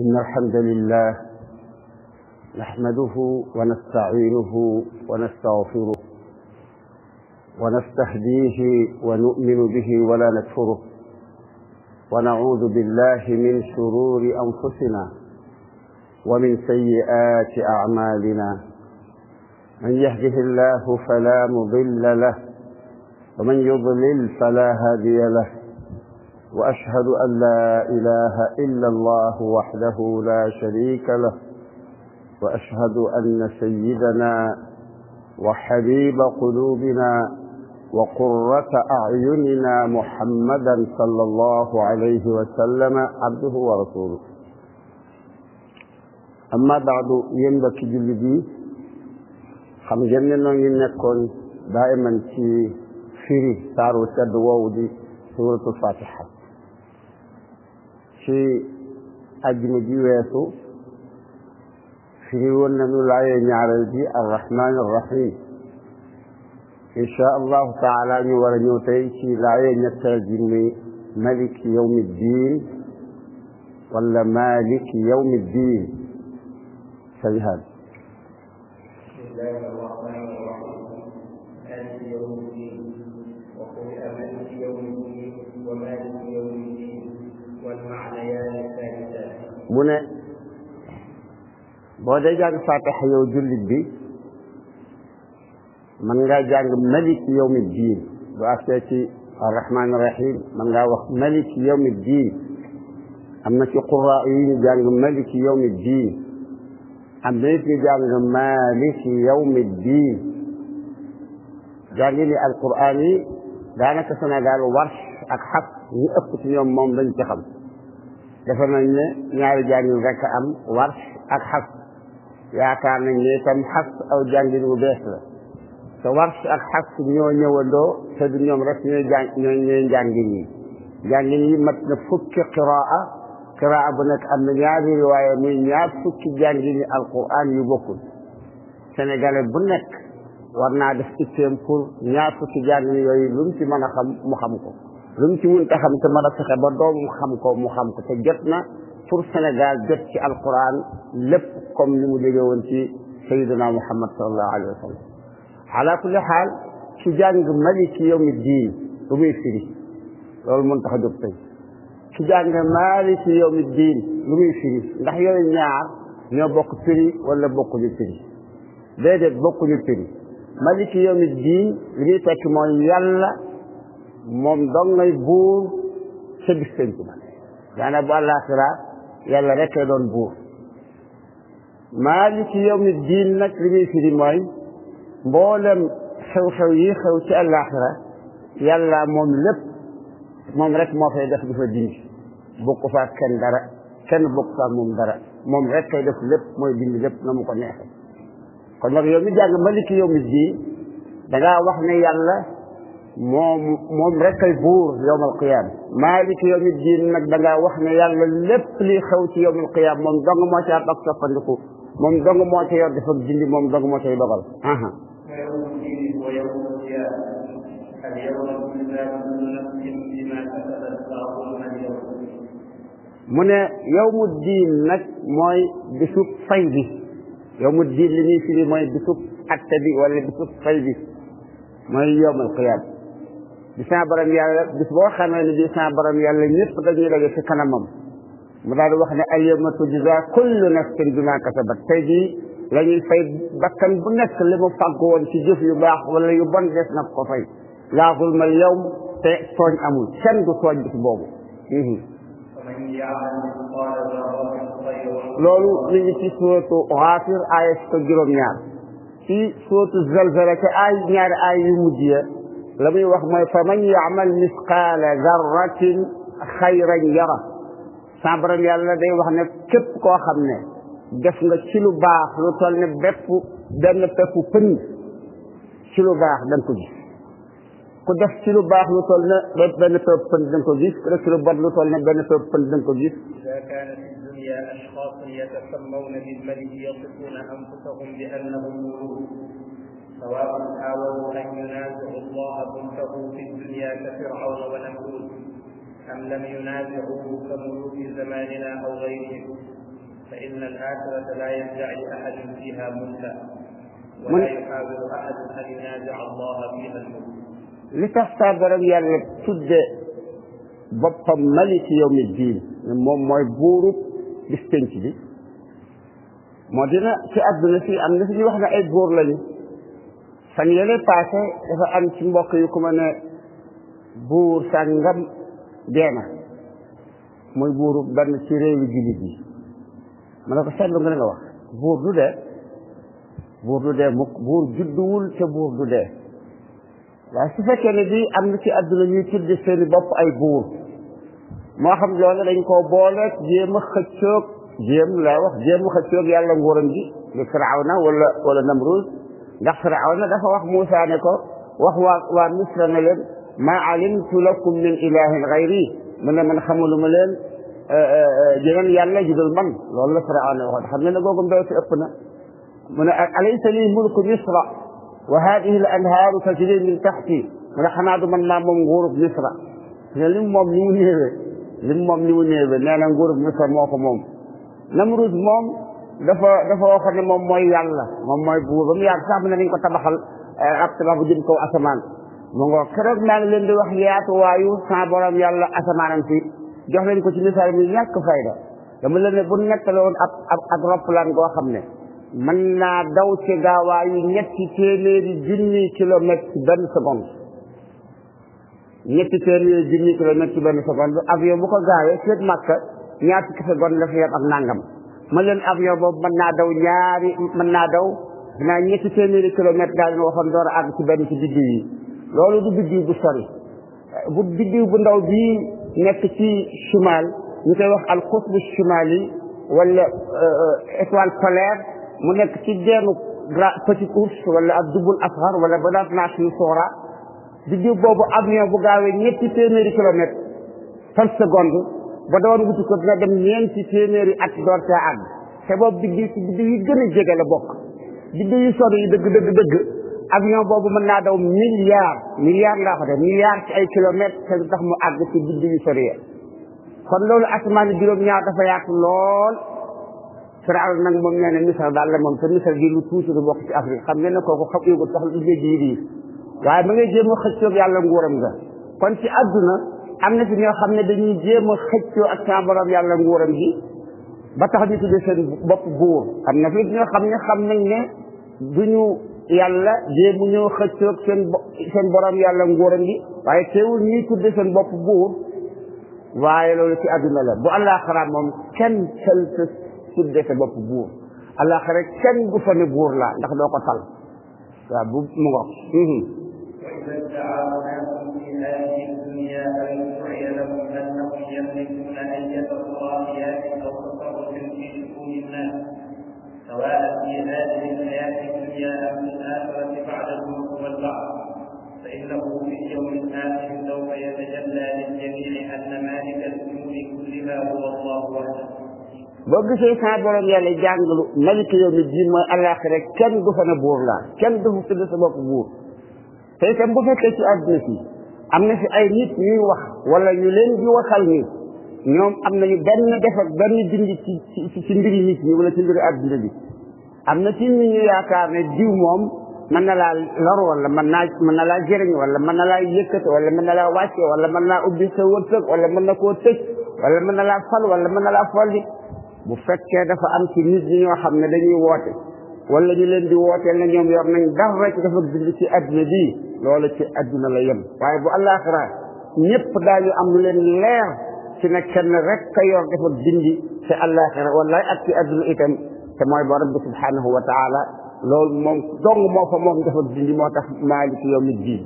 إن الحمد لله نحمده ونستعينه ونستغفره ونستهديه ونؤمن به ولا نكفره ونعوذ بالله من شرور أنفسنا ومن سيئات أعمالنا من يهده الله فلا مضل له ومن يضلل فلا هادي له وأشهد أن لا إله إلا الله وحده لا شريك له وأشهد أن سيدنا وحبيب قلوبنا وقرة أعيننا محمدا صلى الله عليه وسلم عبده ورسوله أما بعد ينبك جلدي خم ngeen ينكون دائما في nekkoon سارو ci firi saaru شيء أجنبي ويسو فيه النبي الله ينعرل بي الرحمن الرحيم إن شاء الله تعالى نورني وتيكي لا ينتر ملك يوم الدين ولا مالك يوم الدين سيهاد mu ne boo dee jàng fatiha yow jullit bi mën ngaa jàng malik yawmi diin bu àgsee ci arrahman rahim mën ngaa wax malik yawmi diin am na ci qura yu ñu jàng malik yawmi diin am na it ñu jàng malik yawmi diin jàngi ni alquran yi daanaka Sénégal warsh ak xaf ñu ëpp ci ñoom moom lañ ci xam dafa nañ ne ñaari jàngin rek am warsh ak xas yaakaar nañ ne xas aw jàngin bu bees la te warsh ak xas ñoo ñëwandoo te du ñoom rek ñooy jàng ñooy ñooy njàngin yi njàngin yi mat na fukki qiraa qiraa bu nekk am na ñaari riwaaye muy ñaar fukki jàngin yi alquran yu bokkul sénégalais bu nekk war naa def itteem pour ñaar fukki jàngin yooyu lu mu ci mën a xam mu xam ko lu mu ci mënta xam te mën a fexe ba doomam xam ko mu xam ko te jot na pour Sénégal jot ci alquran lépp comme ni mu déggee woon ci sayyidina Muhammad sallallahu alayhi wa sallam ala kulli xaal jàng maliki yawmi diin lu muy firi loolu mën tax a jóg tey ci jàng maliki yawmi diin lu muy firi ndax yooyu ñaar ñoo bokk firi wala bokkuñu firi déedéet bokkuñu firi maliki yawmi diin li muy tekki moom dong ngay buur sa bis penc ba daana bu àllaaxira yàlla rek a doon buur maaliki yawmi nag li muy mboolem xew-xew yi xew ci àllaaxira yàlla moom lépp moom rek moo fay def di fa dindi bokk faak kenn dara kenn bokk faak moom dara moom rek kay def lépp mooy dindi lépp na ko neexe kon nag yow maliki yawmi diin wax ne yàlla moom rek kay buur yowmal qiyaam maalik yowmi diin nag da ngaa wax ne yàlla lépp li xew ci yowmal qiyaam moom dong moo ci am ak soppandiku moom dong moo ci yor def ak dindi moom dong moo cay dogal mu ne yowmu diin nag mooy bisub fay bi yowmu diin li ñuy firi mooy bisub atte bi wala bisub fay bi mooy yowmal qiyaam di sa borom yàlla bis boo xamee ne di sa borom yàlla ñëpp dañuy daje ci kanamam mu daal di wax ne al yawma tujza kullu nafsin bima kasabat tey jii la ñuy fay bakkan bu nekk li mu fàgg ci jëf yu baax wala yu bon des na ko fay laa zulma al yawm te tooñ amul kenn du tooñ bis loolu mi ngi ci suratu Ghafir aaya ko juróom-ñaar ci suratu Zalzala ci ay ñaari ay yu mujj ya la muy wax mooy fa man yaamal misqaala zarratin xayran yara sa borom yàlla day wax ne képp koo xam ne def nga ci lu baax lu toll ne bépp benn pepp pënd ci lu baax da nga ko gis ku def ci lu baax lu toll ne benn pepp pënd da nga ko gis ku def ci lu bon lu toll ne benn pepp pënd da nga ko gis يا أشخاص يتسمون بالملك يصفون أنفسهم بأنهم ملوك سواء حاولوا أن ينازعوا الله ملكه في الدنيا كفرعون ونمرود أم لم ينازعوه كملوك زماننا أو غيرهم فإن الآخرة لا يدعي أحد فيها ملكا ولا يحاول أحد أن ينازع الله فيها الملك لتختار الله تد بطا ملك يوم الدين من mooy buurub bis penc في moo في ci في si am بور fi fan yële paase dafa am ci mbokk yu ko ma ne buur sàngam dee na muy buuru benn ci réewi jullit yi ma ne ko seetlu nga li nga wax buur du dee buur du dee mukk buur judduwul te buur du dee waaye su fekkee ne bii am na ci àdduna ñuy tudde seen i bopp ay buur moo xam loolu dañ koo booleeg jéem a xëccoog jéem laa wax jéem a yàlla nguuram gi li na walla wala Namrud ndax firawna dafa wax Moussa ne ko wax waa waa misra ne leen maa alimtu lakum min ilahin gayri mu ne man xamaluma leen jeneen yàlla ju dul man loolu la firawna waxoon xam ne ne googu mbéy si ëpp na mu ne alaysa li mulku misra wa hadihi al anhaaru tajri min taxti mu ne xanaa du man maa moom nguurub misra ne lim moom ni mu néewee lim moom ni mu néewee nee na nguurub misra moo ko moom namrud moom dafa dafa waxoon ne moom mooy yàlla moom mooy buur ba mu yàgg sax mu ne ko tabaxal eh, ab tabax bu jëm kaw asamaan mu ngi leen di wax yaatuwaayu sa yàlla asamaanam jox leen ko ci misaal mu ñàkk dama leen ne bu ak roppalaan goo xam ne mën naa daw ci gaawaayu ñetti téeméeri junni kilomètre ci benn seconde ñetti téeméeri junni kilomètre ci benn seconde avion bu ko gaawee seet màkka la fi ak nàngam ma leen avion boobu mën naa daw ñaari mën naa daw naa ñetti téeméeri kilomètre daa leen waxoon door a àgg ci benn ci biddiw yi loolu du biddiw bu sori bu biddiw bu ndaw bi nekk ci chimal ñu koy wax al qutbu chimal yi wala euh, étoile polaire mu nekk ci gennu grand petit ours wala ab dubul asxar wala banaat naa yu soora biddiw boobu avion bu gaawee ñetti téeméeri kilomètre par seconde ba doon wuti ko dina dem ñeenti téeméeri ak door a àgg te boobu biddiw si biddiw yi gën a jege la bokk biddiw yu sori yi dëgg dëgg ak avion boobu mën naa daw milliard milliard laa ko def milliard ci ay kilomètres te tax mu àgg ci biddiw yu kon loolu asamaan juróom-ñaar dafa yaatu lool Firawna nag moom nee na misal daal la moom te misal gi lu tuuti lu bokk ci Afrique xam ngeen ne kooku xam yëngu tax lu géej gi waaye ma ngay jéem a xëccoog yàlla nguuram nga kon ci àdduna am na ci ñoo xam ne dañuy jéem a xëccoo ak sa borom yàlla nguuram gi ba tax ñu tuddee seen bopp buur am na fi ñoo xam ne xam nañ ne duñu yàlla jéemu ñoo xëccoo ak seen borom yàlla nguuram gi waaye teewul ñuy tuddee seen bopp buur waaye loolu ci àdduna la bu àllaaxira moom kenn tël sa tuddee sa bopp buur àllaaxira kenn du fa ne buur la ndax doo ko tal waaw bu mu ngoog boo gisee sa borom yàlla jàngalu maliki yow mi diin mooy alaxira kenn du fa ne buur laa kenn du fa tudd sa bopp buur te itam bu fekkee ci àdduna si am na fi ay nit ñuy wax wala ñu leen di waxal ni ñoom am nañu benn def ak benn dindi ci ci ci mbiri nit ñi wala ci mbiri àdduna bi am na ci nit ñu yaakaar ne diw moom mën na laa lor wala mën naa mën na laa jëriñ wala mën na laa yëkkate wala mën na laa wàcce wala mën naa ubbi sa wërsëg wala mën na koo tëj wala mën na laa fal wala mën na laa fal bu fekkee dafa am ci nit ñoo xam ne dañuy woote wala ñu leen di wooteel la ñoom yor nañ dara ci dafa bind ci adduna bii loolu ci adduna la yem waaye bu alaxira ñëpp daañu am lu leen leer ci ne kenn rek ka yor dafa bindi ci alaxira wallaay ak ci adduna itam te mooy borom bi subhanahu wa taala loolu moom dong moo fa moom dafa bindi moo tax maalik yowmi diin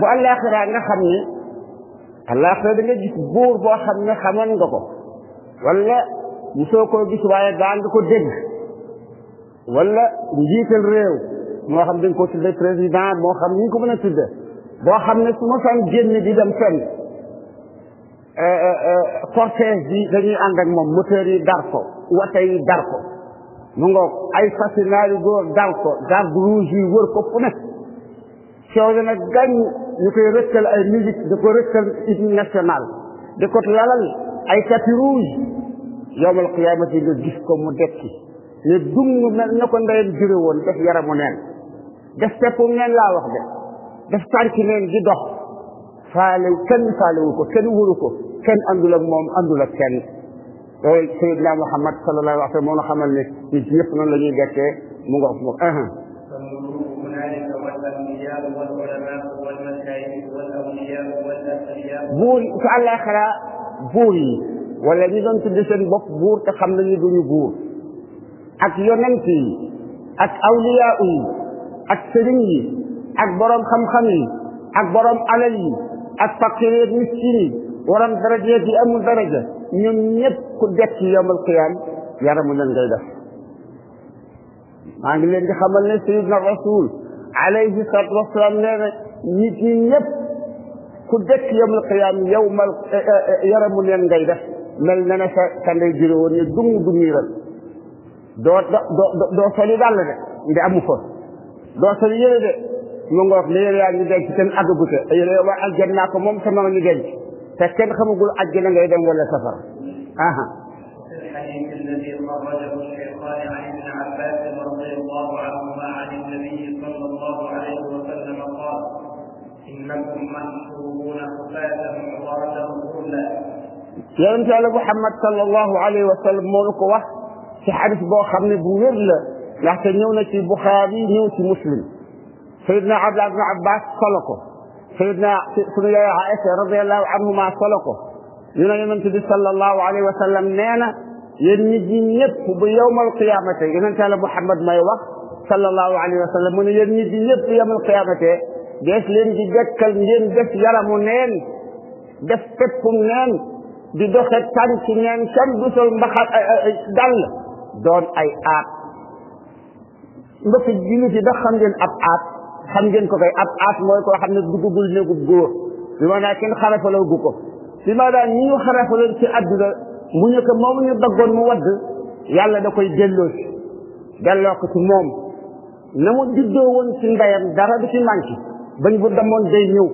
bu alaxira nga xam ne àllaaxira da nga gis buur boo xam ne xamoon nga ko wala musoo koo gis a daan nga ko dégg wala njiital réew moo xam dañ ko tudde président moo xam ni ko mën a tudde boo xam ne su ma fan di dem fenn eh, eh, eh, cortège bi dañuy ànd ak moom moteur yi dar ko wate yi dar ko mu ngoog ay fasinaari góor dar ko garde rouge yi wër ko fu ne coow na gañ ñu koy rëkkal ay musique di ko rëkkal hymne national di ko lalal ay tapis rouge yowmal qiyaamati nga gis ko mu dekki ne dung mel na ko ndeyam jure woon def yaramu neen def peppu neen laa wax de def tànki neen di dox faale kenn faalewu ko kenn wuru ko kenn andul ak moom andul ak kenn loolu sayidna muhammad sallallahu alayhi wa sallam xamal ne nit ñëpp noonu la ñuy mu ngox mu ah buur ci àllaaxira buur yi wala ñi doon tudd seen bopp buur te xam nañu duñu buur ak yonent yi ak awliyaa yi ak sëriñ yi ak borom xam-xam yi ak borom alal yi ak faqiir miskin yi waram daraja yi amul daraja ñoom ñëpp ku dekk yomal qiyaam yaramu leen ngay def maa ngi leen di xamal ne sayidna rasul alayhi salatu wasalaam nee na nit ñi ñëpp كدك يوم القيامة يوم آه، آه، آه، يرم ينقيد مل ننسى كان يجروني دم دميرا دو دو دو دو سالي دال دي دي امو فو دو سالي يلي دي نونغوك ليريا نيجي كتن أدوكو تي يلي وا الجنة كموم سما نيجي تكن خمو قول الجنة غيدا ولا سفر أها الحديث الذي أخرجه الشيخان عن ابن عباس رضي الله عنهما عن النبي صلى الله عليه وسلم قال: إنكم من yonent yàlla muhammad sallallahu alayhi wa sallam moo ko wax ci xadis boo xam ne bu wér la ndaxte ñëw na ci buxaari ñëw ci muslim sayidna abdullah ibn abbas solo ko sayidna sunu yaay aïsa radiallahu anhuma solo ko ñu ne yonent bi sallallahu alayhi wa sallam nee na yéen nit ñi ñëpp bu yowmal qiyamate yonent yàlla muhammad may wax sallallahu alayhi wa sallam mu ne yéen nit ñi ñëpp bu yowmal qiyamate dees leen di dekkal ngeen def yaramu neen def peppum neen di doxe tànk neen kenn du sol mbaxa dal doon ay aat mbokk jullit yi ndax xam ngeen ab aat xam ngeen ko kay ab aat mooy koo xam ne duggagul néegub góor bi maanaam kenn xarafaloo ko bi ma daan ñu xarafaloon ci àdduna mu ñu ko moom ñu daggoon mu wadd yàlla da koy delloo si delloo ko ci moom na mu juddoo woon ci ndeyam dara du ci manqué bañ bu damoon day ñëw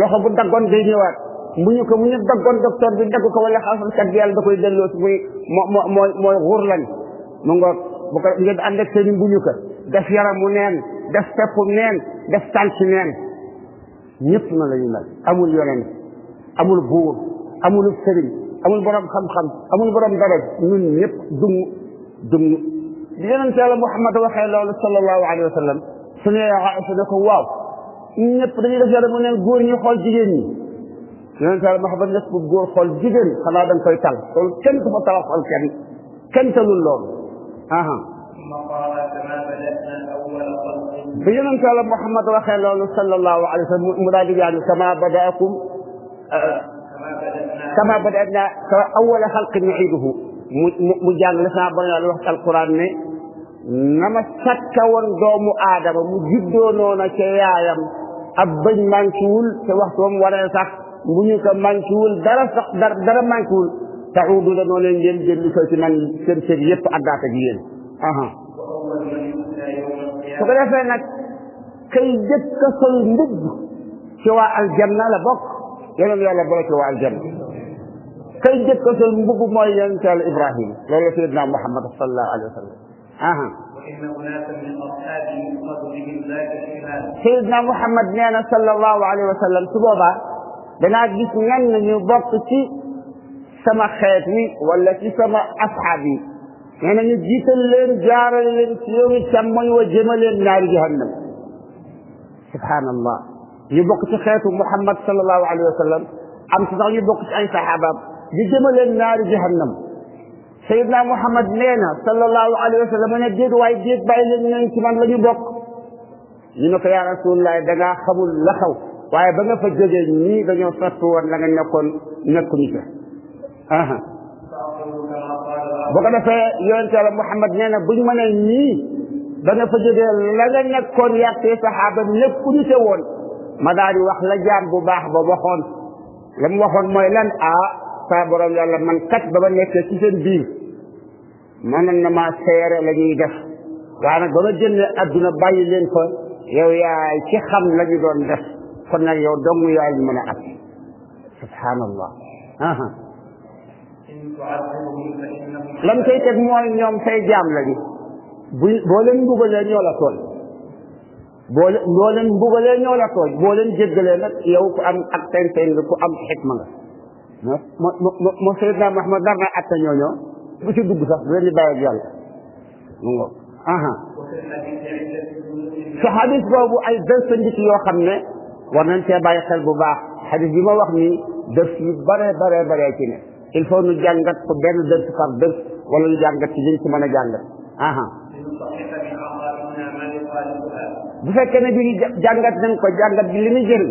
loxo bu daggoon day ñëwaat mbuñu ko mu ñu daggoon docteur bi dagg ko wala xasalkat bi yàlla da koy delloo si muy moo moo mooy mooy xurlan mu ngoog bu ko ngeen ànd ak seen i mbuñu ko def yaramu neen def peppu neen def tànk neen ñëpp na la ñu amul yonent amul buur amul sëriñ amul borom xam-xam amul borom dara ñun ñëpp dum dum di yonent yàlla Muhammad waxee loolu wa su ne ko waaw ñëpp dañuy def yàlla mu neen góor ñi xool jigéen ñi yonent yàlla Muhammad def bu góor xool jigéen xanaa da nga koy tal loolu kenn du fa talal xool kenn kenn talul loolu aha bi yonent yàlla Muhammad waxee loolu sallallahu alayhi wa sallam mu daal di yaanu kama badaakum kama badaana kama awwala xalqin nuiduhu mu mu jàng la sama borom yàlla wax ci alquran ne nama sakka woon doomu aadama mu juddoo noona ca yaayam ab bëñ manquewul te waxtoom waree sax bu ñu ko manquewul dara sax dara manquewul taxudu la noo leen ngeen jënd ko ci man seen sëg yépp addaat ak yéen aha su ko defee nag kay jëkk a sol mbubb ci waa aljanna la bokk yeneen yàlla boole ci waa aljanna kay jëkk a sol mbubb mooy yonent yàlla ibrahim loolu la sayidna muhammad sallallahu alayhi wa sallam aha سيدنا محمد نانا صلى الله عليه وسلم تبوبا بناك جيس نانا نبطتي سما خيطني ولا تي سما أصحابي نانا نجيس اللين جار اللين سيوم سمي وجمل النار جهنم سبحان الله يبقت خيط محمد صلى الله عليه وسلم أم تضعي بقت أي صحابة جمل النار جهنم سيدنا محمد نينا صلى الله عليه وسلم من جيد واي جيد بايل نين كي مان لاني بوك نينو يا رسول الله داغا خمول لا خاو واي باغا فا جوجي ني داغيو فاتو وون لاغا نيكون نيكو نيكا اها بوكا دافا يونس الله محمد نينا بوغ مانا ني داغا فا جوجي لاغا نيكون يا تي صحابه نيكو نيكا وون ما داري واخ لا لم واخون موي لان ا سا بروم يالا مان كات دا mënoon na maa seere la ñuy def waaye nag ba ma génnee adduna bàyyi leen ko yow yaay ci xam la ñu doon def kon nag yow dong yaay mën a at subhaanallah lam koy teg mooy ñoom say jaam lañu bu boo leen mbugalee ñoo la tooñ boo leen leen ñoo la tooñ boo leen jéggalee nag ku am ak sañ-sañ nga am xikma nga mo mo mo Seydina Muhammad dar na atta ñooñoo bu ci dugg sax bu leen di bàyyi ak su xadis boobu ay dërsandiki yoo xam ne war nañ cee bàyyi xel bu baax xadis bi ma wax nii dërs yu bare bare bare ci ne il faut jàngat ko benn dërs par dërs wala ñu jàngat ci liñ ci mën a jàngat bu fekkee ne bi jàngat nañ ko jàngat bi li muy jëriñ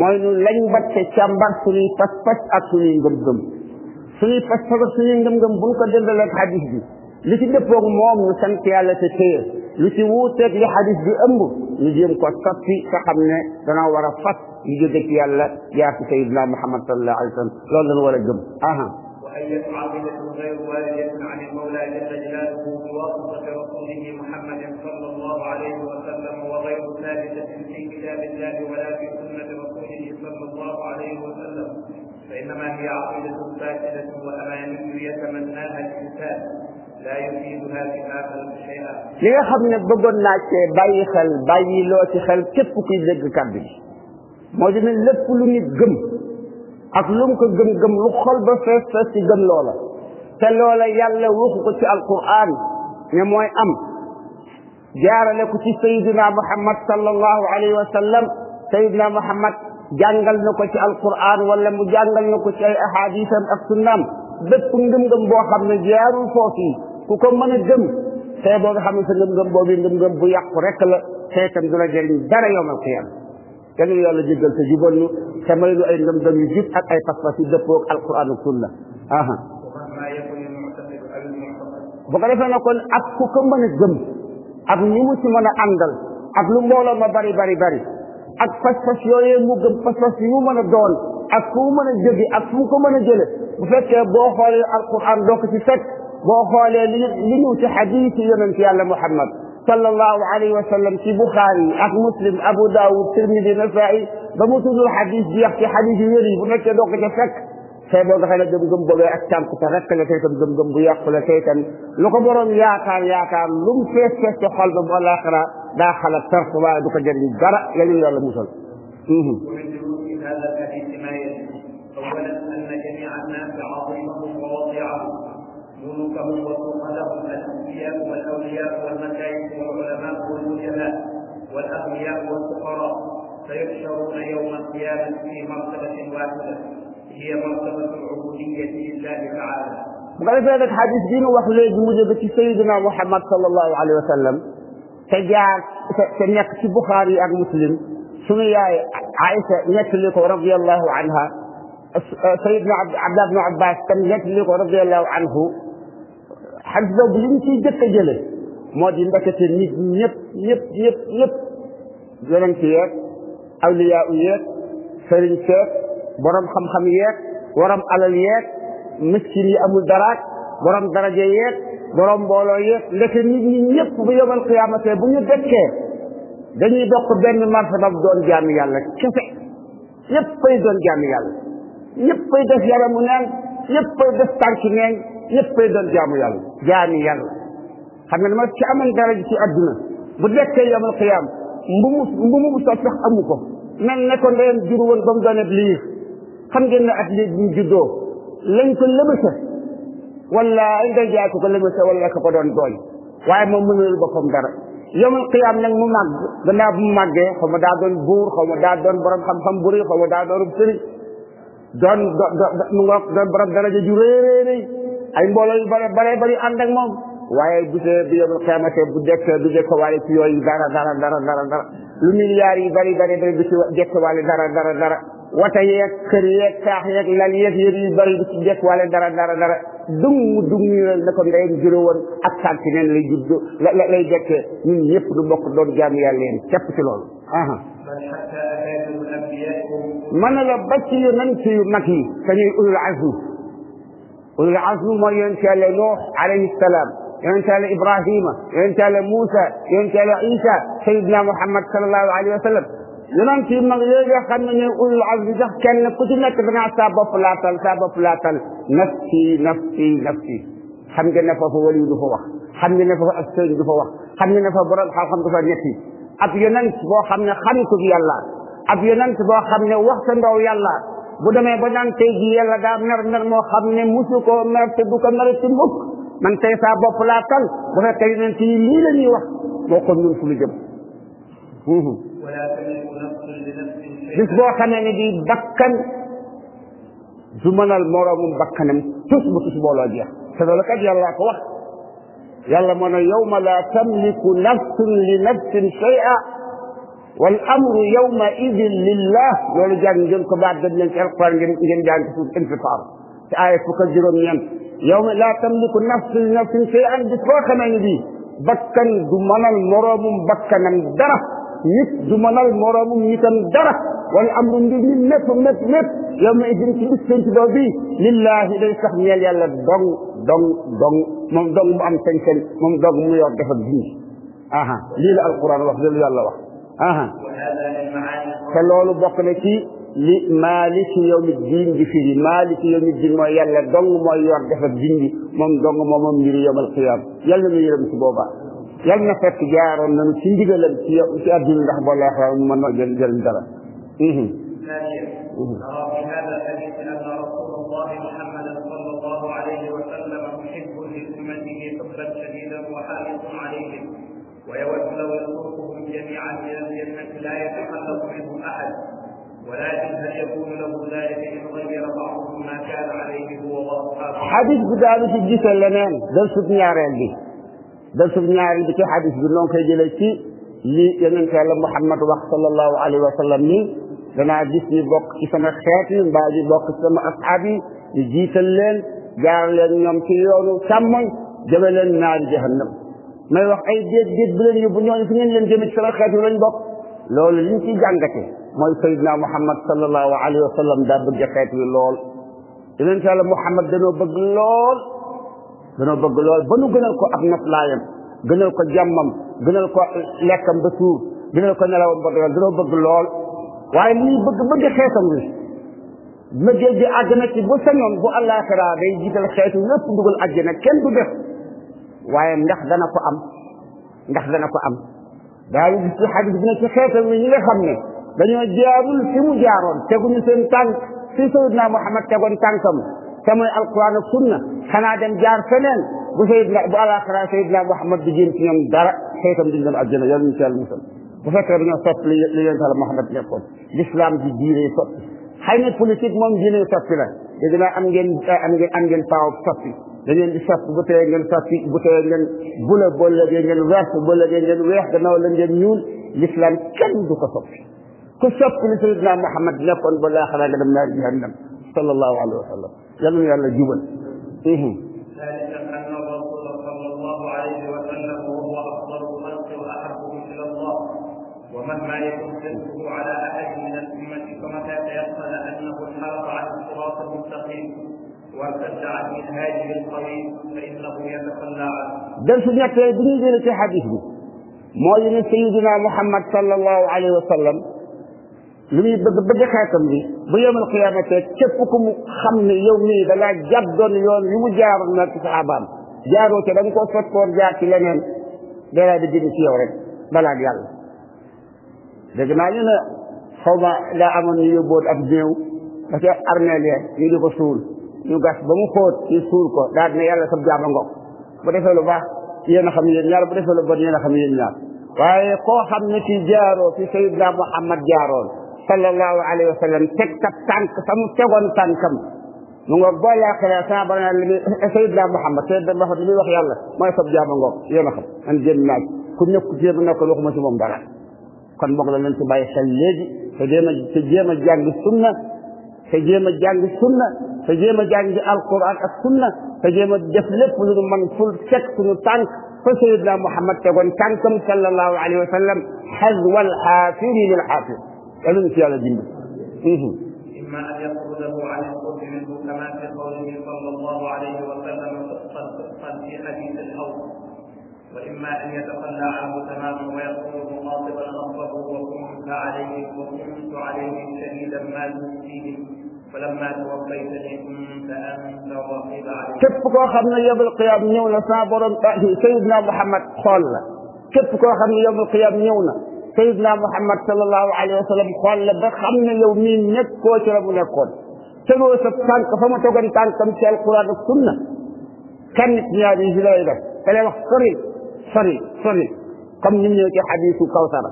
mooy nu lañ batte càmbar suñuy pas-pas ak suñuy ngëm-ngëm sunuy fas fas suñuy ngëm-ngëm buñ ko dëndal ak hadith bi li ci dëppoog moom ñu sant yàlla te téye lu ci wuuteeg li hadith bi ëmb ñu jëm ko soppi te xam ne danaa war a fas ñu jóge ci yàlla jaar ci sayidina muhammad sallallahu alayhi wa sallam loolu lañu war a gëm aha وأية عاقبة غير واردة عن المولى جل جلاله بواسطة رسوله محمد صلى الله عليه وسلم وغير ثابتة في كتاب الله ولا في إنما هي عقيدة فاسدة وأماني يتمناها الإنسان لا يفيدها بما خلق شيئا li nga xam ne bëggoon naa cee bàyyi xel bàyyi loo ci xel képp kuy dégg kàddu yi moo di ne lépp lu nit gëm ak lu mu ko gëm gëm lu xol ba fees fees ci gëm loola te loola yàlla waxu ko ci alquran ne mooy am jaarale ko ci sayidina muhammad sallallahu alayhi wa sallam sayidina muhammad jàngal nako ci alquran wala mu jàngal nako ci ay ahaditham ak sunnam bépp ngëm-ngëm bo xamne ne jaarul foofu ku ko mën a gëm fee boo nga xam ne sa ngëm-ngëm boobu ngëm-ngëm bu yàqu rek la fee dula jëri dara jëriñ dara yomal xiyam yàlla yàlla jéggal te jubal nu te may lu ay ngëm-ngëm yu jitt ak ay pas-pas yu dëppoo ak alquran ak sunna aha bu ko defee na ak ku ko mën a gëm ak ni mu ci mën àndal ak lu mbolo ma bari bari bari ak fas-fas yooyee mu gëm fas-fas yu mën a doon ak fu mu mën a jóge ak fu mu ko mën a jële bu fekkee boo xoolee alquran doo ko ci fekk boo xoolee li li ñëw ci xadiis yi yonent yàlla muhammad sallallahu alayhi wa sallam ci buxaari ak muslim abu daawud tirmidi nasaai ba mu tuddul xadiis bi yax ci xadiis yu wér yi bu fekkee doo ko ca fekk tey boo nga xam ne gëm-gëm boobee ak cànkute rek la tey tam gëm-gëm bu yàqu la tey tam lu ko borom yaakaar yaakaar lu mu fees fees ci xol ba bu alaxira لا ولا daa xala perte waaye du أولا أن جميع الناس عظيمهم ووضيعهم ملوكهم وسلطتهم الانبياء والاولياء والمشايخ والعلماء والوجهاء والاغنياء والفقراء فيحشرون يوم القيامه في مرتبه واحده هي مرتبه العبوديه لله تعالى. وقال في هذا الحديث دين وخليج موجب في سيدنا محمد صلى الله عليه وسلم te jaar te nekk ci buxaari ak muslim sunu yaay aïsa nettali ko radiallahu anha sayidna abdullah ibnu abbas tam nettali ko radiallahu anhu xadis boobu li ñu ciy jëkk a jële moo di ndekete nit ñëpp ñëpp ñëpp ñëpp yonent yeeg awliyaa u yeeg sëriñ seeg borom xam-xam yeeg borom alal yeeg miskin yi amul daraak borom daraja yeeg borom mbooloo yëpp ndeke nit ñi ñëpp bu yomal bu ñu dekkee dañuy bokk benn martaba doon jaami yàlla kese ñëppay doon jaami yàlla ñëppay def yaramu neen ñëppay def tànki neen ñëppay doon jaamu yàlla jaami yàlla xam nga dama ci amal dara ci adduna bu dekkee yomal xiyaam mbumu mbumu bu sot sax amu ko nan ne ko ndeyam jur woon ba mu doon liir xam ngeen ne at lii ñu juddoo lañ ko lëbësa wallaay nga jaay ko ko ka ko doon dooñ waaye moom mënul boppam dara yowmal qiyaam nag mu màgg gannaaw bu mu màggee xaw ma daa doon buur xaw ma daa doon borom xam-xam bu rëy xaw ma daa doon sëriñ doon mu nga doon borom daraja ju réeréeréy ay mbooloo yu bare bare bari ànd moom waaye gisee bi yowmal bu dekk du dekkawaale ci yooyu dara dara dara dara dara lu milliards yi bari bari bari du ci dekkawaale dara dara dara wata yeeg kër yeeg taax yeeg lal yeeg yëf yu bari du ci dekkawaale dara dara dara dëngu dugg na ko ndeyam jure woon ak sant neen lay judd la lay dekkee ñun ñëpp du bokk doon jaamu yàlla yéen képp ci loolu. mën na la ba ci yonent yu mag yi te ñuy ulul azmi ulul azmi mooy yonent yàlla Nuux alayhi salaam yonent yàlla Ibrahima yonent yàlla Moussa yonent yàlla Isa Seydina Muhammad sallallahu alayhi wa sallam yonent yi mag yooyu nga xam ne ñooy ulul azmi sax kenn ku ci nekk da ngaa saa bopp laatal saa bopp laatal nafsi nafsi nafsi xam nga ne foofu wali du fa wax xam nga ne foofu ak sëñ du fa wax xam nga ne fa borom xam-xam du fa ñetti ab yonent boo xam ne xam ko yàlla ab yonent boo xam ne wax sa ndaw yàlla bu demee ba naan tey ji yàlla daa mer mer moo xam ne musu ko mer te du ko mer ci mukk man tey saa bopp laatal bu fekkee yonent yi lii la ñuy wax moo ko ñun fu lu jëm. gis boo xamee ne di bakkan du mënal moroomum bakkanam tus bu tus booloo jeex te loolu kat yàlla ko wax yàlla moo ne yowma laa tamliku nafsun li nafsin shay'a wal amru yowma idin lillah loolu jàng ngeen ko baat dañ leen ci alquran ngeen ngeen jàng ci suuf infitar ci aaya fukk ak juróom ñeent yowma laa tamliku nafsun li nafsin shay'an bis boo xamee ne di bakkan du mënal moroomum bakkanam dara nit du mënal moromum nitam dara wal amru mbir mi nepp nepp lépp yow ma idin ci sent do bi lillahi day sax ñel yàlla dong dong dong mom dong mu am sen sen mom dong mu yor def ak dindi aha li la alquran wax lillahi yàlla wax aha te lolu bok na ci li maliki yawmi din di firi maliki yawmi din mooy yàlla dong mooy yor def ak dindi moom dong moom mom ngir yowal qiyam yàlla ñu yeram ci boba yàlla na fekk jaaroon nañu ci ndigalam ci ci àdduna ndax boo leex waaw ñu mën jël jël dara ويود لو يتركهم جميعا الى الجنه لا يتخلف منهم احد ولكن هل يكون له ذلك ان غير بعضهم ما كان عليه هو واصحابه. حديث بدال في الجسر لنا درس ابن عربي درس نياري دي حديث بن لون كاي جيلي سي لي يمن كان محمد وخ الله عليه وسلم ني دانا جيس ني بوك سي سما خيت ني باجي بوك سما اصحابي دي جيتال لين جار لين نيوم سي يونو سام جبل النار جهنم ما يوخ اي ديت ديت بلن يوب نيوني في نين لين جيمي سما خيت ولا بوك لول لي سي جانغاتي موي سيدنا محمد صلى الله عليه وسلم دا بوجي خيت لول يمن كان محمد دانو بوك لول danoo bëgg lool ba nu gënal ko ak noflaayam gënal ko jàmmam gënal ko lekkam ba suur gënal ko nelawam ba bëgg lool waaye muy bëgg bëgg xeetam wi mëggee bi àjjana ci bu sañoon bu àllaaxira day jiital xeetu lépp dugal àjjana kenn ken def waaye ndax dana ko am ndax dana ko am daañu gis ci xadis bi ne ci xeetam wi ñi nga xam ne dañoo jaarul fi mu jaaroon teguñu seen tànk fi Sayyidina Muhammad tegoon tànkam كما القران والسنه كان عدم جار فلن وسيدنا ابو الاخر آية سيدنا محمد بجين في يوم دار سيتم دين الاجنه يا نساء المسلم وفكر بنا صف لين على محمد يقول الاسلام دي ديري صف حين البوليتيك مهم ديري صف آية لا يجينا امجن امجن امجن باو صف dañen di sapp bu tey ngeen sappi bu tey ngeen bula bol la ngeen wax bu la ngeen wax da naw la ngeen ñuul l'islam kenn du ko soppi ko soppi ni sayyidna muhammad nekkon ba la xala dem na jahannam صلى الله عليه وسلم يلا يلا جبل إيه ذلك أن الرسول صلى الله عليه وسلم وهو أفضل الخلق وأحبهم إلى الله ومهما يكن حرصه على أحد من الأمة فمتى تيقن أنه انحرف عن الصراط المستقيم وارتد عن منهاجه الطريق فإنه يتخلى عنه درس نعطي دليل في حديثه ما سيدنا محمد صلى الله عليه وسلم lu muy bëgg bëgg xeetam bi bu yowmal xiyaamate képp ku mu xam ne yow mii da laa jàddoon yoon yu mu jaaroon nag ci saxaabaam jaaroo ca da nga koo sotkoor jaar ci leneen day laa di gën ci yow rek balaag yàlla dégg naa ñu ne xaw ma daa amoon ñu yóbboon ab néew ba ca armeel ya ñu di ko suul ñu gas ba mu xóot ñu suul ko daal ne yàlla sab jaama ngoog bu defee lu baax yéen a xam yéen ñaar bu defee lu bon yéen a xam yéen ñaar waaye koo xam ne ci jaaroo fi sayidna muhammad jaaroon صلى الله عليه وسلم تكتب تانك سم تغن تانكم نغو بولا خلا سابرنا سيدنا محمد سيدنا محمد لي وخي الله ما يصب جاب نغو يلا خب ان جن ناج كن نك جيب نك لوخ ما سمم دارا كن بوك لن سي باي خل ليجي تجيما تجيما جانج سنة تجيما جانج سنة تجيما جانج القرآن السنة تجيما جف لف لن من فل تك سن تانك فسيدنا محمد تغن تانكم صلى الله عليه وسلم حذو الحافظ للحافظ قال لي في إما أن يقول عن القرب منه كما في قوله صلى الله عليه وسلم قد قد في حديث الأول وإما أن يتخلى عنه تماما ويقول مخاطبا ربه وكنت عليه وكنت عليه شهيدا ما دمت فيه كيف كو خامنا يوم القيامه نيونا صابر بعد سيدنا محمد صلى كيف كو خامنا يوم القيامه نيونا سيدنا محمد صلى الله عليه وسلم قال لبا خمنا يومين نكو شربو نكون تلو سبسان كفما توقن تان كمشي القرآن السنة كم نتنيا دي جلائبا فلا وخري صري صري كم نمي يوكي حديثي كوثرة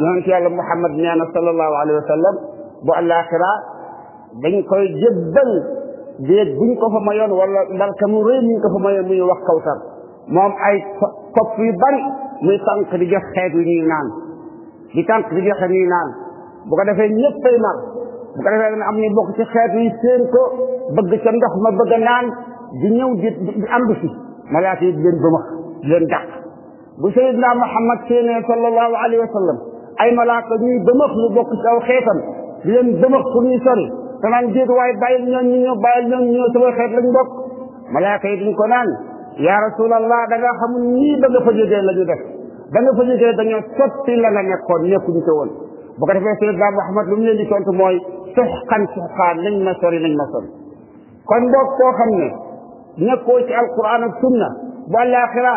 لأن شاء الله محمد نيانا صلى الله عليه وسلم بو الآخرة بين كوي جبل جيد بين كوفا ميون ولا بل كمورين بين كوفا ميون مي وخ كوثر مام أي كفي بري مي تنك دي جس خيد وني نان di tànk di joxe ñuy naan bu ko defee ñëppay mar bu ko defee dana am ñu bokk ci xeet yi seen ko bëgg ca ndox ma bëgg a naan di ñëw di ànd si malaaka yi di leen bëmax di leen bu sayidna Muhammad seenee sallallahu alayhi wa sallam ay malaaka ñuy bëmax lu bokk ci aw xeetam di leen bëmax pour ñuy sori te naan déet waaye bàyyil ñoon ñu ñëw bàyyil ñoon ñu ñëw sama xeet lañ bokk malaaka yi duñ ko naan yaa rasulallah da nga xamul ñii ba nga fa jógee la ñu ba nga fa jógee dañoo sotti la nga nekkoon nekkuñu ko woon bu ko defee Seydina Muhammad lu mu leen di tontu mooy suxxan suxxaan nañ ma sori nañ ma sori kon boog koo xam ne nekkoo ci alquran ak sunna bu àllaaxira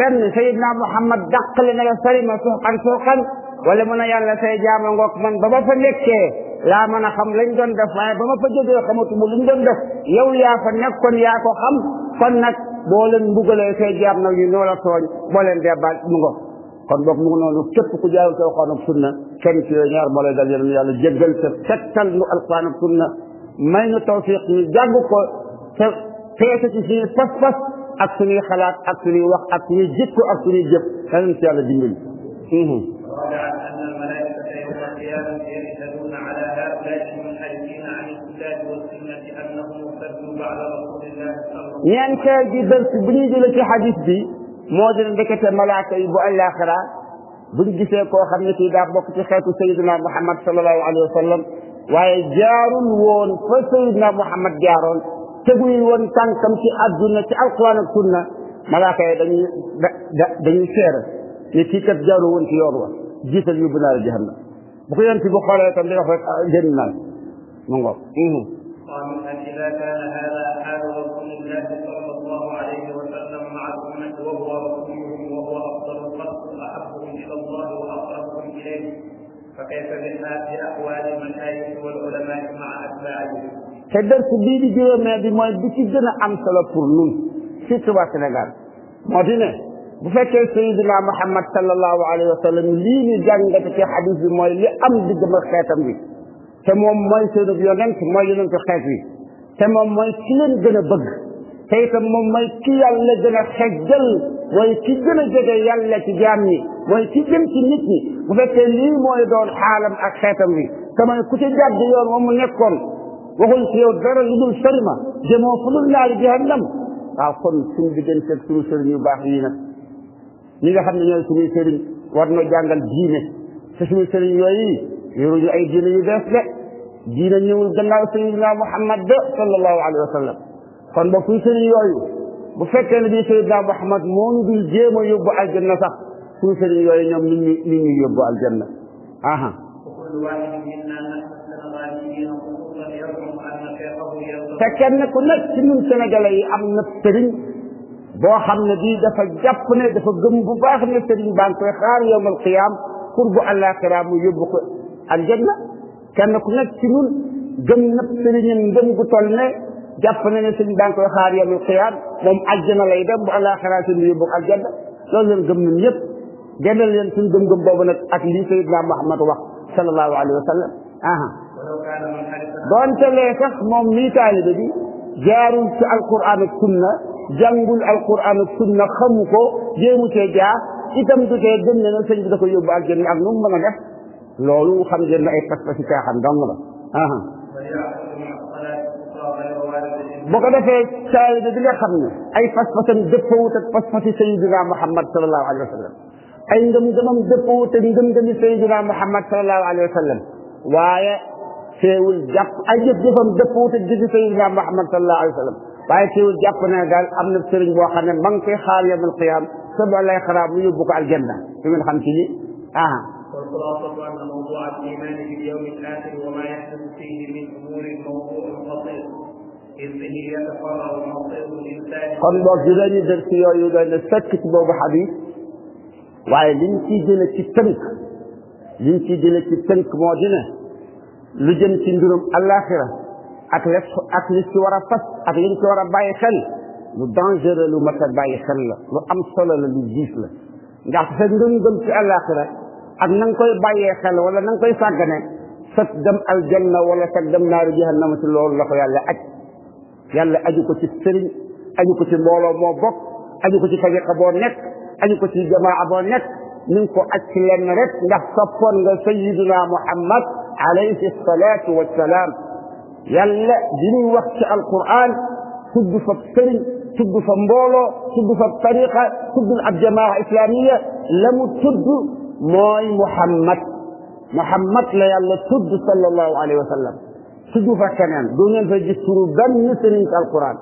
benn Seydina Muhammad dàqale na la sori ma suxxan suxxan wala mën a yàlla say jaama ngoog man ba ma fa nekkee laa mën a xam lañ doon def waaye ba ma fa jógee xamatuma luñ doon def yow yaa fa nekkoon yaa ko xam kon nag boo leen mbugalee say jaam nag ñu noo la tooñ boo leen dee baal kon dok mu nonu kep ku jaaw ci alquran ak sunna kenn ci yooyu ñaar boole dal yéen yàlla jéggal ci fekkal lu alquran ak sunna may nu tawfiq ni jàng ko te feese ci sunuy pass pas-pas ak suñuy xalaat ak suñuy wax ak suñuy jikko ak suñuy jëf danañ ci yàlla dimbali ñeenteel gi dërs bu ñuy jële ci xadis bi moo dina ndekete malaaka yi bu àllaaxira buñ gisee koo xam ne kii daa bokk ci xeetu sayidina muhammad salallahu alayhi wa sallam waaye jaarul woon fa sayidina muhammad jaaroon tegul woon tànkam ci àdduna ci alquran ak sunna malaaka yi dañuy da dañuy seere ne kii kat jaaru woon ci yoon wa jiital yóbbu naa la jahannam bu ko yonti bu xoolee tam di wax rek génn naan mu ngoog. قالوا أن إذا كان هذا وكيف منها في أقوال المشايخ والعلماء مع أتباعه كدر سبيل جيو ما دي موين بكي جنا أمسلا فرنون في سوا سنغان مدينة بفكر سيدنا محمد صلى الله عليه وسلم لين جنگة في حديث موين لأم دي جمع خيطم بي تمام موين سيدنا بيوغن تموين انت خيط بي تمام موين كلين جنا بغ تمام موين كي اللي جنا خجل وي كي جنا جدا يالي تجامي وي كي جنا تنتني bu fekkee lii mooy doon xaalam ak xeetam wi sama ku ci jàdd yoon wa mu nekkoon waxul ci yow dara lu dul sori ma demoo fu dul laali jahannam waaw kon suñu diggante ak suñu sëriñ yu baax yii nag ñi nga xam ne ñooy suñuy sëriñ war noo jàngal diine te suñu sëriñ yooyu yoruñu ay diine yu bees de diine ñëwul gannaaw sayidina muhammad de sallallahu alayhi wa sallam kon ba suñu sëriñ yooyu bu fekkee ne bii sayidina muhammad moo ñu dul jéem a yóbbu aljanna sax suñu sëriñ yooyu ñoom nit ñi nit ñi yóbbu aljanna aha te kenn ku nekk ci ñun sénégalais yi am na sëriñ boo xam ne bii dafa jàpp ne dafa gëm bu baax ne sëriñ baa ngi koy xaar yowmal qiyaam pour bu àllaaxira mu yóbbu ko aljanna kenn ku nekk ci ñun gëm na sëriñam ngëm gu toll ne jàpp na ne sëriñ baa ngi koy xaar yowmal qiyaam moom aljanna lay dem bu àllaaxira sëriñ yóbbu ko aljanna loolu leen gëm ñun ñëpp جنال ين سن دم دم بابنا أكلي سيدنا محمد وح صلى الله عليه وسلم آه دون تلاك مم نيتال بدي جارو في القرآن السنة جنبل القرآن السنة خمكو جيمو تجا إتم تجا جنال سن جدكو يبع جنال أغنم بنا لولو خم جنال إفتس بسيكا خم دنبا آه boko defé tayé dëgg nga xamné ay fas fasam déppou tak fas fasé sëñu bi nga Muhammad sallallahu alayhi wasallam ay ngëm-ngëmam dëppoo te ngëm-ngëmi Seydina Muhammad sallallahu alayhi wa sallam waaye teewul jàpp ay jëf-jëfam dëppoo te jëfi Seydina Muhammad sallallahu alayhi wa sallam waaye teewul jàpp na daal am na sëriñ boo xam ne ma ngi koy xaar yawmal qiyaam sab'a lay xaraab mu yóbbu ko aljanna fi ngeen xam ci ni ah والخلاصة أن موضوع الإيمان باليوم الآخر وما يحدث فيه من أمور موضوع خطير إذ هي يتفرع موضع الإنسان. قبل جلالي درسي يا يولانا سكت بابا حبيب waaye liñ ciy jële ci tënk liñ ciy tënk moo di lu jëm ci mbirum ak les ak li war a fas ak liñ ci war a bàyyi xel lu dangereux lu mat a bàyyi xel la lu am solo la lu diis la ndax sa ngëm-ngëm ci àllaaxira ak na nga koy bàyyee xel wala na nga koy sàggane sa dem aljanna wala sa dem naaru jahannama ci loolu la ko yàlla aj yàlla aju ko ci sëriñ aju ko ci mbooloo moo bokk aju ko ci tariqa boo nekk أن في جماعة بونك من أكل نرت نحصفن لسيدنا محمد عليه الصلاة والسلام يلا جني وقت القرآن تبدو فبسرين تبدو فنبولو تبدو فبطريقة تبدو العب جماعة إسلامية لم تبدو ماي محمد محمد لا يلا تبدو صلى الله عليه وسلم تبدو فكنان دون أن تجسروا بني سنين القرآن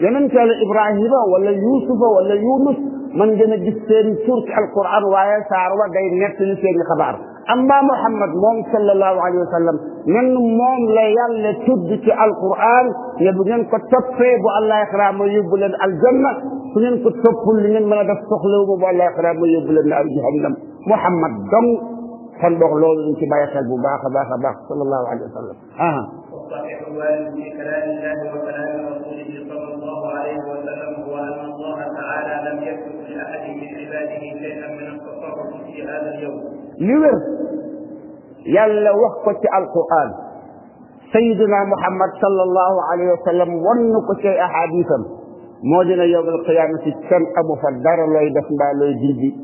لمن كان إبراهيم ولا يوسف ولا يونس من جنا جستيري سورة القرآن وآية سعر وغير نفسي سيري خبار أما محمد موم صلى الله عليه وسلم من لا ليال لتدك القرآن يبغن كتبفي بو الله إكرام ويبلن الجنة سنين كتبفل لنين من هذا السخلو بو الله إكرام ويبلن الجهنم محمد دم صندوق لون انت باية سلبو باخ باخ باخ صلى الله عليه وسلم آه. لور يلا وقت القران سيدنا محمد صلى الله عليه وسلم ونقشي شيء حديثا مودنا يوم القيامة كان أبو فدار الله يدفع له جدي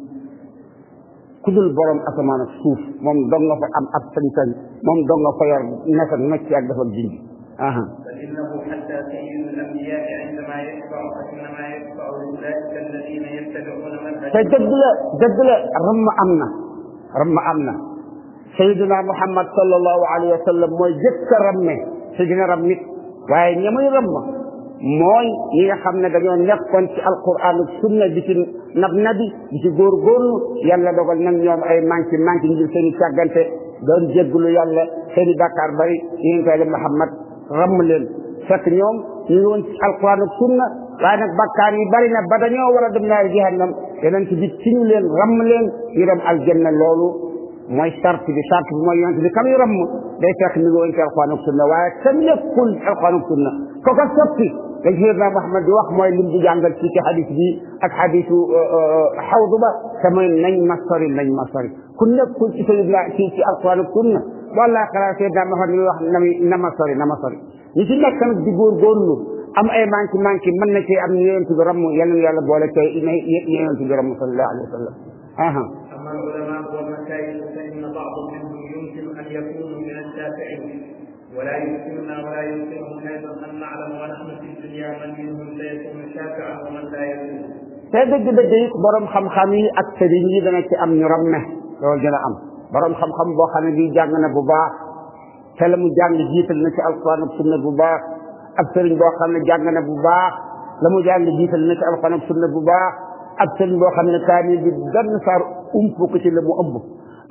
كل البرم أسمان الصوف من دون في أم أبسن سن من دون في الناس المكي أدفع الجدي أها فإنه حتى سيد الأنبياء عندما يدفع فإنما يدفع أولئك الذين يتبعون من فجدل جدل رم أمنا ramm am na sayyidina muhammad sallallahu alayhi wa sallam mooy jëkk a ramme si dina ram nit waaye ña muy ramm mooy ñi nga xam ne dañoo nekkoon ci alquran ak sunna di ci nab nabi di ci góorgóorlu yàlla dogal nag ñoom ay manqué manqué ngir seen i càggante doon jégglu yàlla seen i bàkkaar bari yéen koy le muhammad ramm leen fekk ñoom ñu ngi woon ci alquran ak sunna waaye nag bakkaar yi bari na ba dañoo war a dem naari jahannam yonent bi tiñu leen ramm leen ñu dem aljanna loolu mooy sart bi sart bi mooy yonent bi kam yu ramm day fekk mi ngi woon ci alxuraan ak sunna waaye ka nekkul alxuraan ak sunna ko ko soppi dañ ci yér naa Muhammad di wax mooy lim di jàngal ci ci xadis bi ak xadisu uh, uh, uh, xawdu ba te mooy nañ ma sori nañ ma sori ku nekkul ci sayidna ci ci alxuraan ak sunna wala xalaat sayidna Muhammad mi wax na na ma sori na ma sori ñi ci nekk nag di góorgóorlu am ay manki manki mën na cee am ñu yonent bi ramm yal na yàlla boole tey ñu yonent bi ramm sallallahu alayhi wa sallam aha amma ulama wa masail fa inna ba'dhum minhum yumkin an yakunu min ash-shafi'in ولا يمكننا ولا يمكنهم ايضا ان نعلم ونحن في الدنيا من منهم سيكون شافعا ومن لا يكون te dëgg dëgg it borom xam-xam yi ak sëriñ yi dana ci am ñu ram ne loolu dina am borom xam-xam boo xam ne bii jàng na bu baax te la mu jàng jiital na ci alquran ak sunna bu baax ab sëriñ boo xam ne jàng na bu baax la mu jàng jiital na ci alxuraan ak sunna bu baax ab sëriñ boo xam ne kaamil bi benn saar ump ko ci la mu ëmb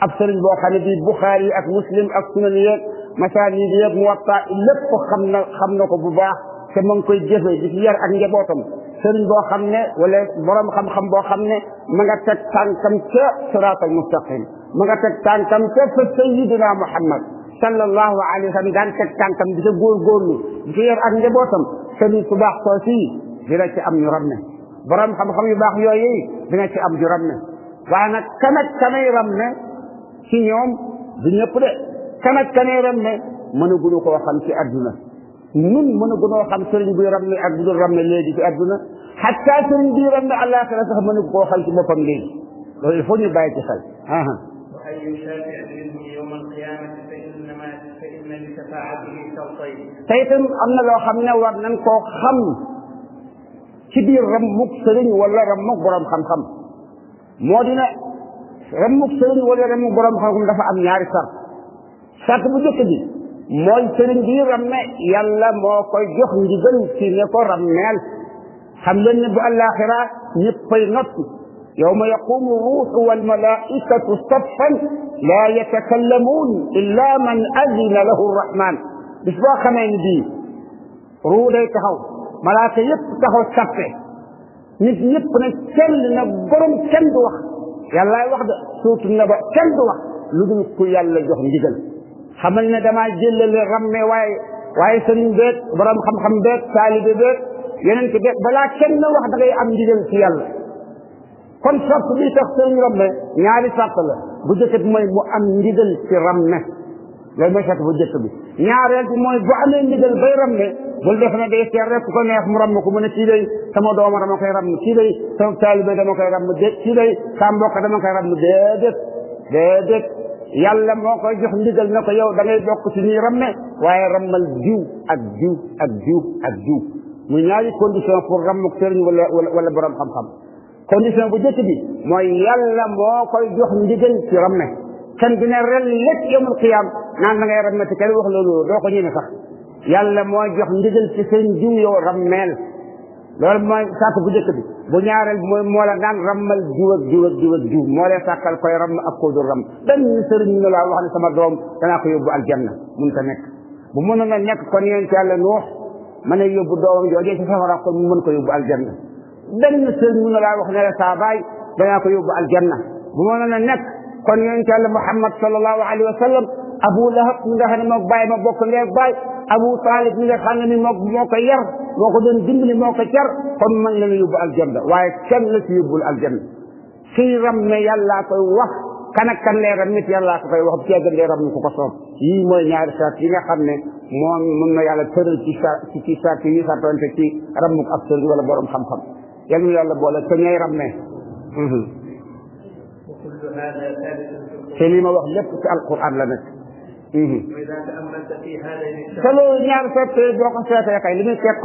ab sëriñ boo xam ne bi buxaari ak muslim ak sunan yeeg masaan yi yëpp mu waxtaa lépp xam na xam na ko bu baax te ma ngi koy jëfe di ci yar ak njabootam sëriñ boo xam ne wala borom xam-xam boo xam ne ma nga teg tànkam ca siraatal mustaqim ma nga teg tànkam ca fa sayyidina muhammad sallallahu alayhi wa sallam daan teg tànkam di ca góorgóorlu di ca yor ak njabootam sëriñ ku baax soo sii dina ci am ñu ram ne borom xam-xam yu baax yooyu dina ci am ñu ram ne waaye nag kanag kanay ram ne ci ñoom du ñëpp de kanag kanay ram ne mënaguñu koo xam ci adduna nun mënagunoo xam sëriñ buy ram ne ak bu dul ram ne léegi ci adduna xatta sëriñ buy ram ne àllaaxira sax mënagu koo xam ci boppam léegi loolu il faut ñu bàyyi ci xel. تيتم أن لو خمنا ورنن كو خم كدي رمك سرين ولا رمك برام خم خم مودينا رمك سرين ولا رمك برام خم دفع أم ياري سر ساتب جوك دي موي سرين دي رمي يلا موكو جوخ نجدن كي نكو رميال خم لن نبو الاخرة نبو نطي يوم يقوم الروح والملائكة صفا لا يتكلمون إلا من أذن له الرحمن مش بقى خمان دي روح ده يتهو ملائكة يتهو الصفة نس يبقى نتكل نبرم كند وقت يلا واحد صوت النبا كند وقت لدن كو يلا جهن جدل حملنا دماء جل للرمي واي واي سنين بيت برام خم خم بيت سالي بيت ينن بلا كند واحد غير أم جدل في يلا kon sart bi tax sëriñ rombe ñaari sart la bu jëkk bi mooy mu am ndigal ci ramne lay ma sart bu jëkk bi ñaareel bi moy bu amé ndigal bay ramne bu def na day seet rek ko neex mu ramm ko mu ne kii day sama dooma dama koy ramm ci day sama talibé dama koy ramm dé ci day sa mbokk dama koy ramm déedéet déedéet yàlla moo koy jox ndigal nako yow da ngay bok ci ni ramme waye ramal diw ak diw ak diw ak diw muy ñaari condition pour rammuk serigne wala wala borom xam-xam condition bu jëkk bi mooy yàlla moo koy jox ndigal ci ramme kenn du ne ren lépp yomul xiyaam naan ramme te kenn wax loolu doo ko ñeme sax yàlla moo jox ndigal ci seen jiw yow rammeel loolu mooy sàkk bu jëkk bi bu ñaareel mooy moo la daan rammal jiw ak jiw ak jiw ak moo lay sàkkal koy ramm ak koo dul ramm benn sëriñ laa wax ne sama doom danaa ko yóbbu aljanna mun ta nekk bu mënoon a nekk kon yéen ci yàlla nuux mën a yóbbu doomam joojee ci safara kon mu benn sëriñ mu ne laa wax ne la saa baay danaa ko yóbbu aljanna bu ma ne nekk kon yonente yàlla muhammad sallallahu alayhi wa sallam abu lahab mi nga xam ne moog baay ma bokk ndeeg baay abu talib mi nga xam ne ni moog moo ko yar moo ko doon dimbali moo ko car kon man la ñu yóbbu aljanna waaye kenn la ci yóbbul aljanna kii ram ne yàllaa koy wax kan ak kan lay ram nit yàllaa ko koy wax bu ceegën lay ram ni ko ko soob yii mooy ñaari sart yi nga xam ne moom mun na yàlla tëral ci sa ci sart yi sartante ci rammuk ab sëriñ wala borom xam-xam yal yàlla boole te ram na mhm. rek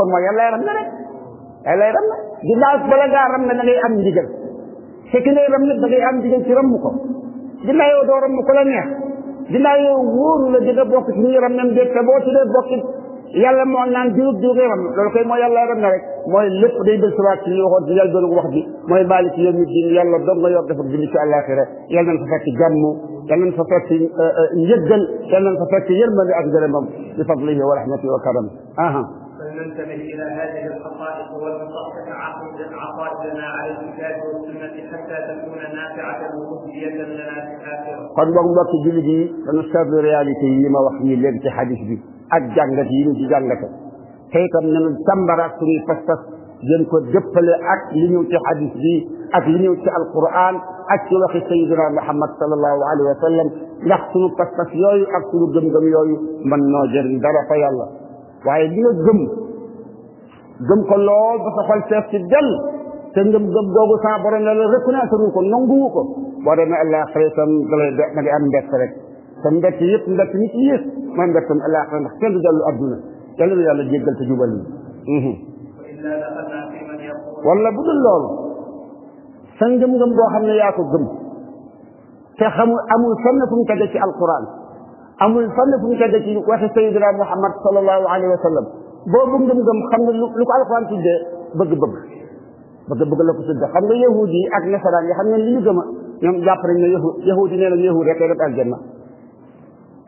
mhm. yàlla ram na ginnaaw bala ngaa ram na da ngay am ndigal te ki ngay ram na da ngay am ndigal ci ramm ko ginnaaw yow doo ramm ko la neex ginnaaw yow la di nga bokk ci ram na te boo ci dee bokk yàlla mo nan diou diou ngay xam loolu koy mo yàlla rek na rek moy lépp day del siwaat ci li waxoon ci yàlla doon wax bi mooy maalik yawmi diin yàlla do nga yor defak dindi ci àllaaxira yàlla nañ fa fekk jammu yàlla nañ fa fekk njëggal yàlla nañ fa fekk yermal ak jere mom bi fadlihi wa rahmatihi wa karam aha فلننتبه إلى هذه الحقائق عقد عقائدنا على الكتاب والسنة حتى تكون نافعة ومفيدة لنا في الآخرة. قد وقت جلدي أنا رياليتي لما وحي لك حديث بي. ak jàngat yi ñu ci jàngate te itam nu sambaraat sàmbara suñuy pas-pas jëm ko dëppale ak li ñëw ci hadis bi ak li ñëw ci alquran ak ci waxi sayyidina muhammad sallallahu alayhi wa sallam ndax suñu pas-pas yooyu ak suñu gëm-gëm yooyu man noo jëriñ dara fa yàlla waaye li nga gëm gëm ko lool ba sa xol seef ci dell te ngëm gëm googu sa borom la la reconnaître ko nangu ko boo demee allah xaritam da lay da nga am ndett rek kon mbett yëpp mbett mi ci yées mooy mbettum alaxira ndax kenn du dellu adduna yàlla na yàlla jéggal te jubal ñu wala bu dul loolu sa ngëm-ngëm boo xam ne yaa ko gëm te xamul amul fenn fu mu tege ci alquran amul fenn fu mu tege ci waxe sayidina muhammad sallallahu alayhi wa sallam boobu ngëm-ngëm xam nga lu ko alquran tuddee bëgg-bëgg bëgg-bëgg la ko tudde xam nga yahudi yi ak nasaraan yi xam nga li ñu gëm ñoom jàpp nañ ne yahudi nee nañ yahudi rek rek aljanna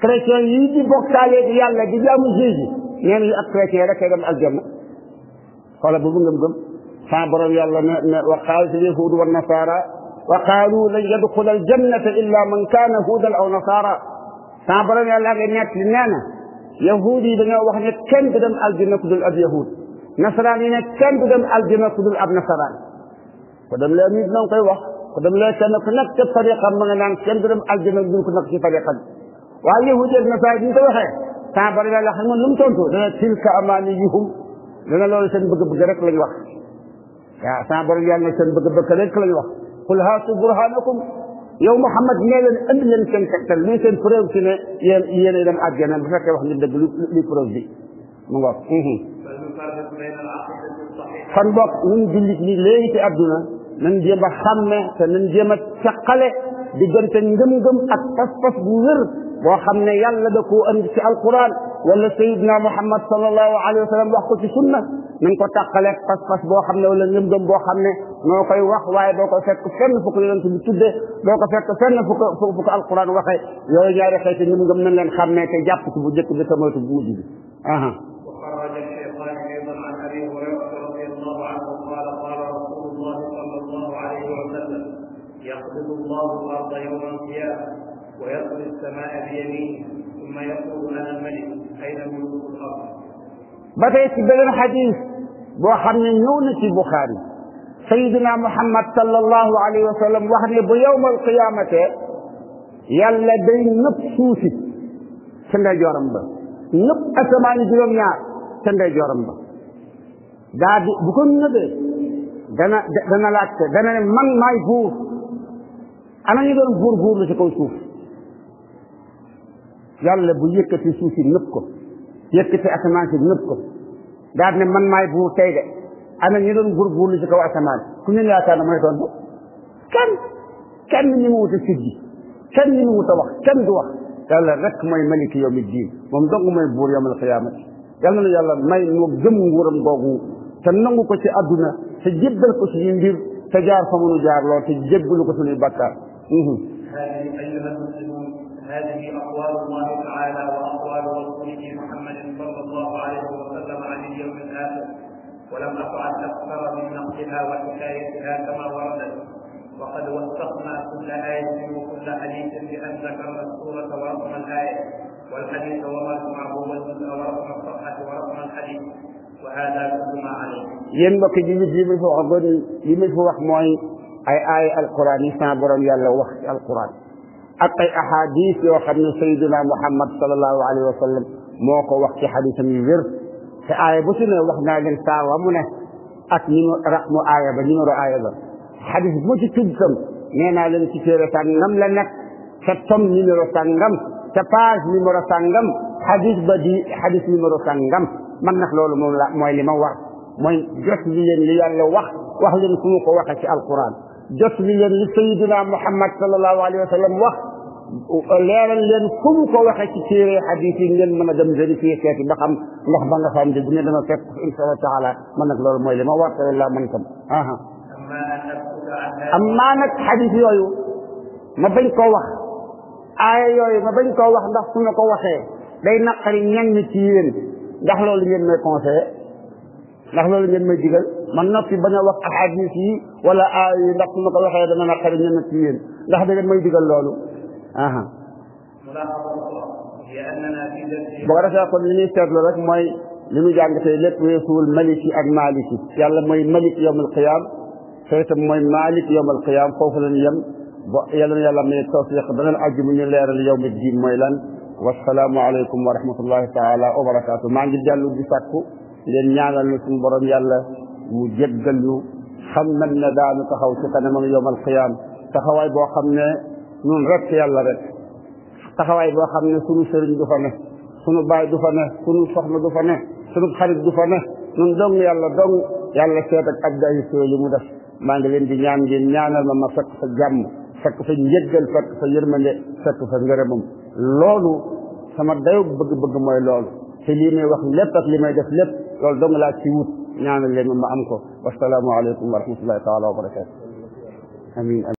chrétien yi di bokkaale di yàlla di jaamu jésus ñeen yi ak chrétien rek dem aljanna xoola bu ngëm gëm sa borom yàlla ne ne wa qaalat al yahud wa nasara wa qaalu lan yadxula al jannata illa man kaana hudan aw nasara sa borom yàlla nga ñett li nee na yahud yi dañoo wax ne kenn du dem aljanna ku dul ab yahud nasaraan yi ne kenn du dem aljanna ku dul ab nasaraan ko dem lee nit nang koy wax ko dem lee kenn ku nekk ca tariqa ma nga naan kenn du dem aljanna dul ko nekk ci tariqa bi waaye yahuud ak nasaara ñu ko waxee sans borom yàlla xam nga lu mu tontu dana tilka amaaniyuhum dana loolu seen bëgg-bëgg rek lañ wax waaw sans borom yàlla seen bëgg-bëgg rek lañ wax qul haatu burhanakum yow Muhammad nee leen andi leen seen tegtal luy seen preuve ci ne yéen yéen a dem àjjana bu fekkee wax nga dëgg lu lu preuve bi mu ngoog kon boog ñun jullit ñi léegi ci àdduna nañ jéem a xàmme te nañ jéem a caqale diggante ngëm-ngëm ak pas-pas bu wér وخمنا يلدكو امدك القرآن ولا سيدنا محمد صلى الله عليه وسلم وحكو في سنة من كو تقلق قص قص بو خمنا ولا نمدن بو خمنا نو كي وح واي بو كو فك فن فك لن تبتد بو كو فك فن فك فك القرآن وخي يو جاري خيتي نمدن من لن خمنا تجاب تبو جك بسمو تبو جدي أهان بدأت بلن حديث وحن نونك بخاري سيدنا محمد صلى الله عليه وسلم وحن بيوم القيامة يلا بين نفسوسي سنة جورمبا نب أسمان جرمنا سنة جورمبا دادي بكون نبي دنا دنا لاتك دنا من ماي بور أنا يدور بور بور لشكو سوف يلا بيكتي سوسي نبكو yëkkati asamaan si nëb ko daal ne man maay buur tey de ana ñu doon buur buur lu ci kaw asamaan ku ñu yaakaar na mooy doon bu kenn kenn ñu mu wut a siddi kenn ñu mu wut a wax kenn du wax yàlla rek mooy maliki yawmi diin moom dong mooy buur yawmal qiyaamati yàlla na yàlla may moo gëm nguuram googu te nangu ko ci àdduna te jébbal ko suñu mbir te jaar fa mënu jaar lool te jébbalu ko suñuy bàkkaar. هذه أيها المسلمون هذه أقوال الله تعالى لم نفعل اكثر من نقلها وحكايتها كما وردت وقد وثقنا كل ايه وكل حديث بان ذكرنا السوره ورقم الايه والحديث وما سمعه والجزء ورقم الصفحه ورقم الحديث وهذا كل ما عليه. ينبغي جيمس جيمس وعبد جيمس اي اي القران يسمع برمي الله وقت القران. أقي أحاديث وخدم سيدنا محمد صلى الله عليه وسلم موقع وقت حديث من ذر te aaya bu si ne wax naa leen saa wa mu ne ak ni mu raqmu aaya ba numéro aaya ba xadis bu ci tudd tam nee naa leen ci téere sàngam la nekk ca tom numéro sàngam ca page numéro sàngam xadis ba di xadis numéro sàngam man nag loolu moom la mooy li ma war mooy jot li leen li yàlla wax wax leen fu mu ko waxee ci alquran jot li leen li sayidina muhammad sallallahu alayhi wa sallam wax leeral leen fu ko waxee ci téere xadiis ngeen mën a dem vérifier seeti ba xam ndax ba nga xam ne bu ne dama fekk insha allah taala man nag loolu mooy li ma war la man tam aha amma nag xadiis bañ koo wax aaya yooyu ma bañ koo wax ndax su ma ko waxee day naqari ñenn ci yéen ndax loolu ngeen may conseillé ndax loolu ngeen may digal man noppi bañ a wax axadis yi wala aaya yi ndax su ma ko waxee dana naqari ñenn ci yéen ndax da ngeen may digal loolu اها ملاحظه اخرى هي اننا في درس بغرفه كون لي سيتلو رك موي li mu jàng tey malik yowmal qiyam qiyam foofu yàlla yàlla may tawfiq beneen ajj mu ñu leeral yowmi diin mooy lan wasalaamu aleykum wa rahmatullahi taala wa barakaatu maa ngi dellu di sàkku ngeen ñaanal na suñu borom yàlla mu jéggal ñu xam nañ daanu taxaw ci kanamam yowmal qiyam taxawaay boo xam noonu rek yàlla rek taxawaay boo xam ne sunu sëriñ du fa ne sunu baay du fa ne sunu soxna du fa ne sunu xarit du fa ne nun dong yàlla dong yàlla seet ak ab dayu soo li def maa ngi leen di ñaan ngeen ñaanal ma ma fekk fa jàmm fekk fa njëggal fekk fa yërmande fekk fa ngërëmam loolu sama dayu bëgg-bëgg mooy lool te lii may wax lépp ak li may def lépp loolu dong laa ci wut ñaanal leen ma am ko wasalaamu aleykum wa rahmatullahi taala wa barakatu